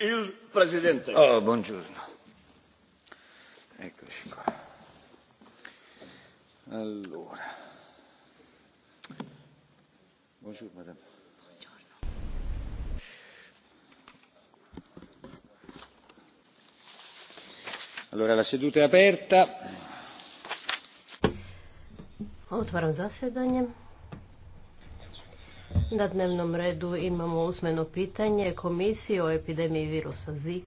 Il presidente. Oh, buongiorno. Eccoci qua. Allora. Bonjour, madame. Buongiorno. Allora, la seduta è aperta. Otvaram zasjedanje. Na dnevnom redu imamo usmeno pitanje komisije o epidemiji virusa Zika.